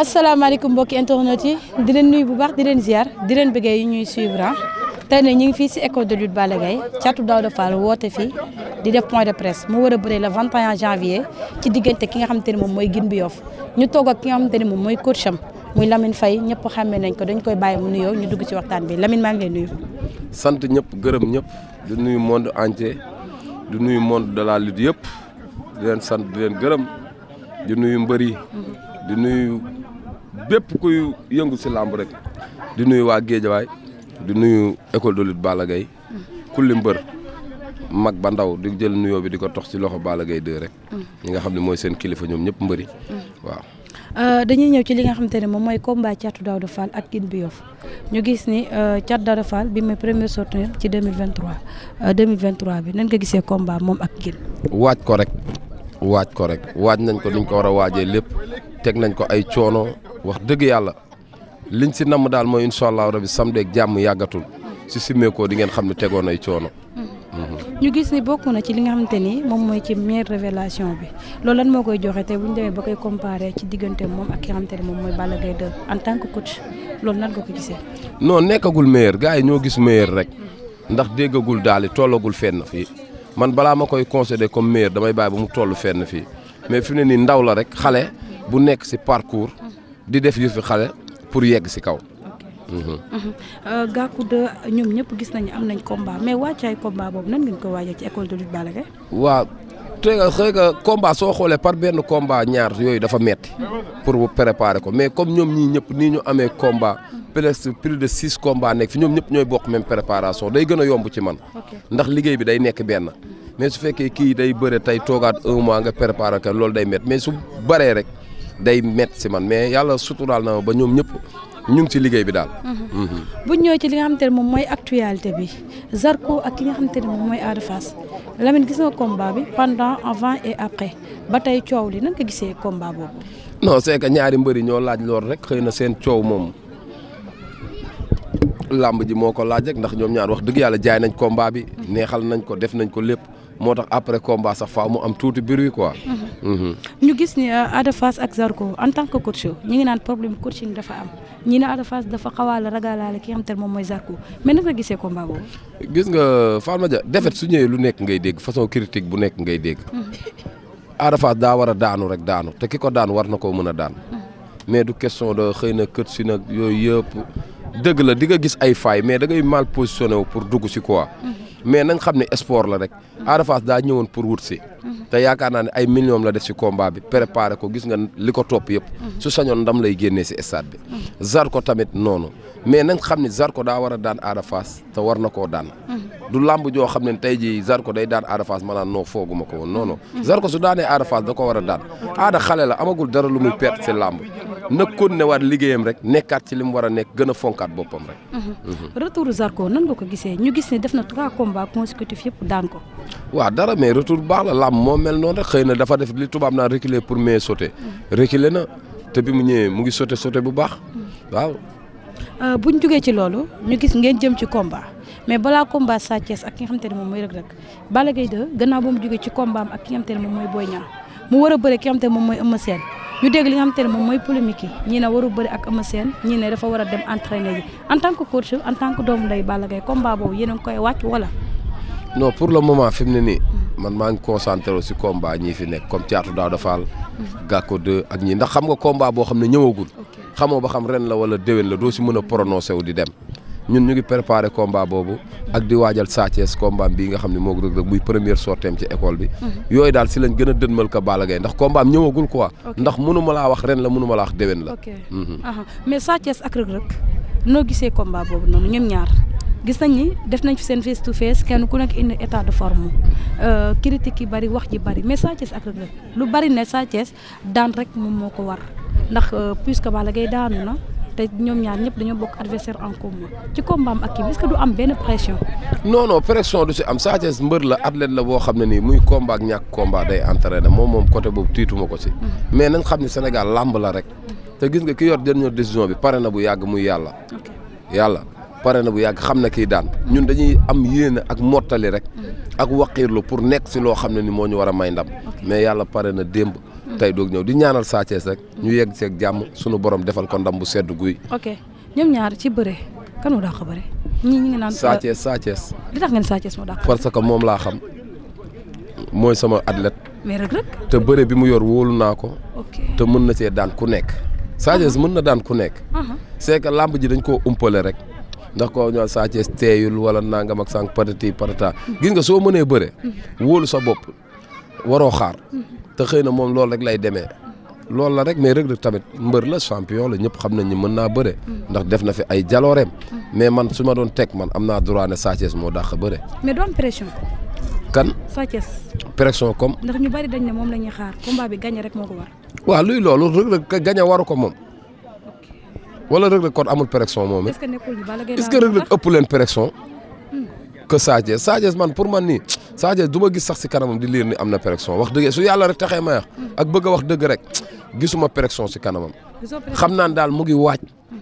asalaamaaleykum mbokki internet yi di leen nuyu bu baax di leen ziar di leen bëggee yi ñuy suivre ah. tey nag ñu ngi fii si école de lutte Balla Gaye Thiatou Daouda Fall woote fii di def point de presse moo war a bëree le 21 janvier ci diggante ki nga xamante ne moom mooy Gine Biof ñu toog ak ki nga xamante ne moom mooy coach am muy Lamine Faye ñëpp xàmmee nañ ko dañ koy bàyyi mu nuyoo ñu dugg ci waxtaan bi Lamine maa ngi lay nuyu. sant ñëpp gërëm ñëpp di nuyu monde entier di nuyu monde de la lutte yëpp di leen gërëm di nuyu mbër yi nuyu bépp kuy yëngu si làmb rek di nuyu waa Géejawaay di nuyu école de lutte Balla Gaye kulli mbër mag ba ndaw di jël nuyoo bi di ko tox ci loxo Balla Gaye 2 rek. ñi nga xam ne mooy seen kilifa ñoom ñëpp mbëri. waaw. Euh, dañuy ñëw ci li nga xamante ne moom mooy combat Thiatou Daouda Fall ak Gine Biof ñu gis ni euh, Thiatou Daouda Fall bi mooy premier sortie ci 2023 2023 euh, bi nan nga gisee combat moom ak Gine. waaj ko rek. waaj ko rek waaj nañ ko nuñ ko war a waajee lépp teg nañ ko ay coono wax dëgg yàlla liñ si namm daal mooy incha allahu rabi samedi ak jàmm yàggatul si simmeekoo di ngeen xam ne tegoon ay coono. ñu gis ni bokk na ci li nga xamante ni moom mooy ci meilleure révélation bi loolu lan moo koy joxe te bu ñu demee ba koy comparé ci diggante moom ak ki nga moom mooy Balla Gaye 2 en tant que coach loolu nan nga ko gisee. non nekkagul maire gars yi ñoo gis meilleur rek ndax déggagul daal di tollagul fenn fii man balaa ma koy concédé comme damay bàyyi ba mu toll fenn fii mais la rek bu nekk si parcours di def yu fi xale pour yegg si kaw. Euh, Gackou 2 ñoom ñëpp gis nañu am nañ combat mais wàccaay combat boobu nan ko waajal ci école de lutte Balla Gaye. waaw tey nga xëy soo xoolee par benn combat ñaar yooyu dafa metti pour bu préparer ko mais comme ñoom ñii ñëpp nii ñu amee combat presque plus de six combats nekk fi ñoom ñëpp ñooy bokk même préparation day gën yomb ci man. ndax liggéey bi day nekk benn. mais su fekkee kii day bëre tey toogaat un mois nga préparer ko loolu day métti mais su baree rek. day métti si man mais yàlla suturaal na ba ñoom ñëpp ñu ngi ci liggéey bi daal. Mhm. Mhm. bu ñëwee ci li nga xamante ne moom mooy actualité bi Zarko ak ki nga xamante ne moom mooy Ada Fass Lamine gis nga combat bi pendant avant ba tey coow li nan nga gisee combat boobu. non c'est que ñaari mbëri ñoo laaj lool rek xëy na seen coow moom làmb ji moo ko laaj rek ndax ñoom ñaari wax dëgg yàlla jaay nañ combat bi. Mhm. neexal nañ ko def nañ ko lépp. moo tax après combat sax faaw mu am tuuti bruit quoi. Mhm. Mhm. ñu gis ni euh, Ada Fass ak Zarko en tant que coach ñu ngi naan problème coaching dafa am ñi ne Ada Fass dafa xawaal ragalaale ki nga xam te ne moom mooy Zarko mais naka nga gisee combat boobu. gis nga Fatma Dia defet su ñëwee lu nekk ngay dégg façon critique bu nekk ngay dégg. Mhm. Ada daa war a daanu rek daanu te ki ko daanu war na koo mën a daan. mais du question de xëy na kët si nag yooyu yëpp dëgg la di nga gis ay failles mais da ngay mal positionné wu pour dugg si quoi. mais nañ xam ne esport la rek Ada daa ñëwoon pour wut si te yaakaar naa ne ay million la def si combat bi préparé ko gis nga li ko topp yëpp su sañoon ndam lay génnee si stade bi Zarko tamit noonu mais nañ xam ne Zarko daa war a daan Ada Fass te war na koo daan du làmb joo xam ne tey jii Zarko day daan Ada Fass ma naan noo fooguma ko woon noonu non Zarko su daanee Ada Fass da ko war a daan aada xale la amagul dara lu muy perte si làmb na kon ne waat liggéeyam rek nekkaat ci li mu war a nekk gën a fonkaat boppam rek. Mhm. retour Zarko nan nga ko gisee ñu gis ne def na trois combats consécutifs yëpp daan ko. waaw dara mais retour baax la làmb moo mel noonu rek xëy na dafa def li tubaab naan reculer pour mieux sauter. Mhm. reculer na te bi mu ñëwee mu ngi sauter sauter bu baax mhm. waaw. Euh, bu ñu ci loolu ñu gis ngeen jëm ci combat. mais balaa combat Sa Thiès ak nga moom mooy Reug Reug Balla Gaye 2 gannaaw ba mu a bëre ki moom mooy Eumeu Sène ñu dégg li nga moom mooy polémique yi ñii ne waru bëri ak Eumeu ne dafa a dem entraîner yi tant que coach en tant que doomu nday Balla Gaye combat boobu a ngi pour le moment fi ne nii man maa ngi concentré wu si combat ñii fi nekk comme Thiatou Daouda Fall Gacko 2 ak ñii ndax xam nga combat boo xam ne ñëwagul xamoo ba xam ren la wala déwén la doo si mën a prononcé wu di dem ñun ñu ngi préparé combat boobu ak di waajal Sa Thiès combat bii nga xam ne moo Reug Reug muy première sorteem ci école bi mhm. yooyu daal si lañ gën a dënmal ko Balla Gaye ndax combat am ñëwagul quoi ndax munuma laa wax ren la mënu ma laa wax déwén la mhm. mais Sa Thiès ak Reug Reug noo gisee combat boobu noonu ñoom ñaar gis nañ ni def nañ fi seen face to face kenn ku nekk indi état de forme euh, critique yi bari wax ji bari mais Sa ak Reug Reug lu bari ne Sa daan rek moom moo ko war ndax euh, puisque Balla Gaye na te ñoom ñaar ñëpp dañoo bokk adversaire en commun ci combat am ak kii est que du am benn pression. non pression du si am Sa mbër la athlète la boo xam ne nii muy combat ak ñàkk combat day na moom moom côté boobu tiituma ko si. Mm-hmm. mais nañ xam ne Sénégal làmb la rek. Mm-hmm. te gis nga ki yor ñoo décision bi pare na bu yàgg muy yàlla. yàlla pare na bu yàgg xam na kii daan. ñun dañuy am yéene ak mottali rek. Mm-hmm. ak waqiirlu pour nekk si loo xam ne ni moo ñu war a may ndam. mais yàlla pare na démb. tey doog ñëw di ñaanal Sa rek ñu yegg seeg jàmm suñu borom defal ko ndam bu sedd guy. ok ñoom ñaar ci bëre kan moo dàq bëre. ñii tax ngeen Sa moo parce que moom laa xam mooy sama athlète. te bëre bi mu yor wóolu naa ko. te mën na see daan ku nekk. Sa Thiès uh-huh. mën na daan ku nekk. Uh-huh. c'est làmb ji dañ koo umpale rek. ndax ko ñoo Sa Thiès teeyul wala nangam ak sànq patati patata. Mm-hmm. gis nga soo mënee bëre. Mm-hmm. woolu sa bopp waroo xaar. Mm-hmm. te xëy na moom loolu rek lay demee loolu la rek mais Reug Reug tamit mbër la champion la ñëpp xam nañ ni mën naa bëre. ndax def na fi ay jalooreem. mais man su ma doon teg man am naa droit ne moo dàq bëre. mais kan Sa Thiès. pression comme. ndax ñu bari dañ ne moom la ñuy xaar combat bi gagné rek moo ko war. waaw luy loolu Reug Reug gagné waru ko moom. wala Reug Reug kon amul pression moom it. est-ce ëpp leen pression. Hmm. que Sadio Sadio man pour man nii Sadio du ma gis sax si kanamam di liir ni am na pression wax dëgg su yàlla rek taxee ma ak bëgg wax dëgg rek gisuma pression si kanamam. xam naan daal mu ngi waaj.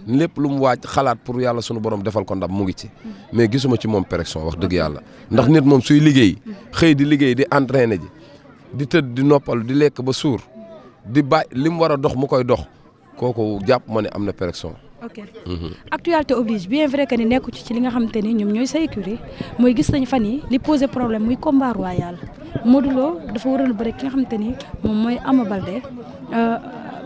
lépp lu mu waaj xalaat pour yàlla sunu borom defal ko ndam mu ngi ci. mais gisuma ci moom pression wax dëgg yàlla ndax nit moom suy liggéey. xëy di liggéey di entraîné ji. di tëdd di noppalu di lekk ba suur. di bàyyi li mu war a dox mu koy dox. kooku jàpp ma ne am na pression. ok mhm. actualté oblige bien vrai que ni nekku ci ci li nga xamante ni ñoom ñooy sa mooy gis nañu fan yi li posé problème muy combat royal Modou dafa waroon a bëri ki nga xamante ni moom mooy Ama Baldé euh,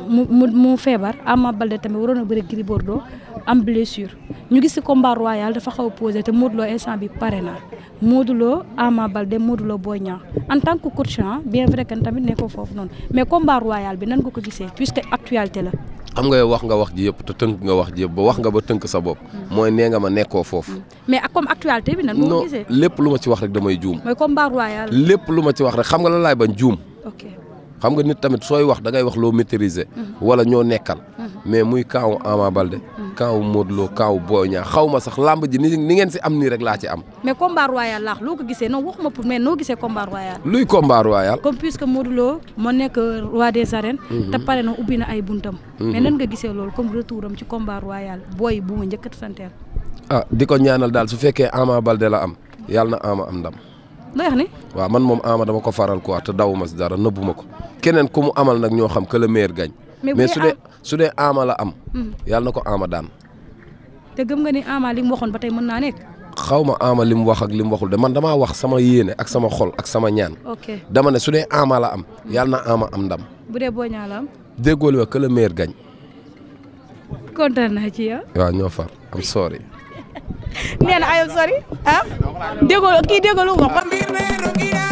mu feebar Ama Baldé tamit waroon a bëri Gris Bordeaux am blessure ñu gis ci combat royal dafa xaw a posé te Modou Lo bi pare na Modou Lo Ama Baldé Modou Lo Boy Niang en tant que coach ah, bien vrai que tamit nekkoo foofu noonu mais combat royal bi nan nga ko gisee puisque actualité la. xam nga wax nga wax ji yëpp te tënk nga wax ji yëpp ba wax nga ba tënk sa bopp. Hmm. mooy nee nga ma nekkoo foofu. Hmm. mais ak comme actualité bi nan nga ko gisee. lépp lu ma ci wax rek damay juum. comme combat royal. lépp lu ma ci wax rek xam nga lan laay bañ juum. xam nga nit tamit sooy wax da ngay wax loo maîtriser. Mhm. wala ñoo nekkal. Mhm. mais muy kaawu Ama Balde. Mhm. kaawu Modou Lo kaawu Boy Niang xaw ma sax làmb ji ni ni ngeen si am nii rek laa ci am. mais combat royal laax loo ko gisee non waxuma pour mais noo gisee combat royal. luy combat royal. comme puisque nekk roi des arènes. pare na ubbi na ay buntam. mais nan nga gisee loolu comme retour am ci combat royal booy bu ma njëkk ah di ko ñaanal daal su fekkee Ama Balde la am yàlla na Ama am dam wax ni waaw man moom Ama dama ko faral quoi te dawuma si dara nëbbuma ko keneen ku mu amal nag ñoo xam que gañ mais su dee su dee Ama la am mhm. yàlla na ko Ama daan mën naa nekk xaw ma Ama li mu wax ak li mu waxul de man damaa wax sama yéene ak sama xol ak sama ñaan dama su dee Ama am yàlla na Ama am ndam bu dee Boy la am déggoo li wax que le kontaan naa ci yow waaw ñoo far am sorry nee na ayoo sori ah déggoo kii déggalu ma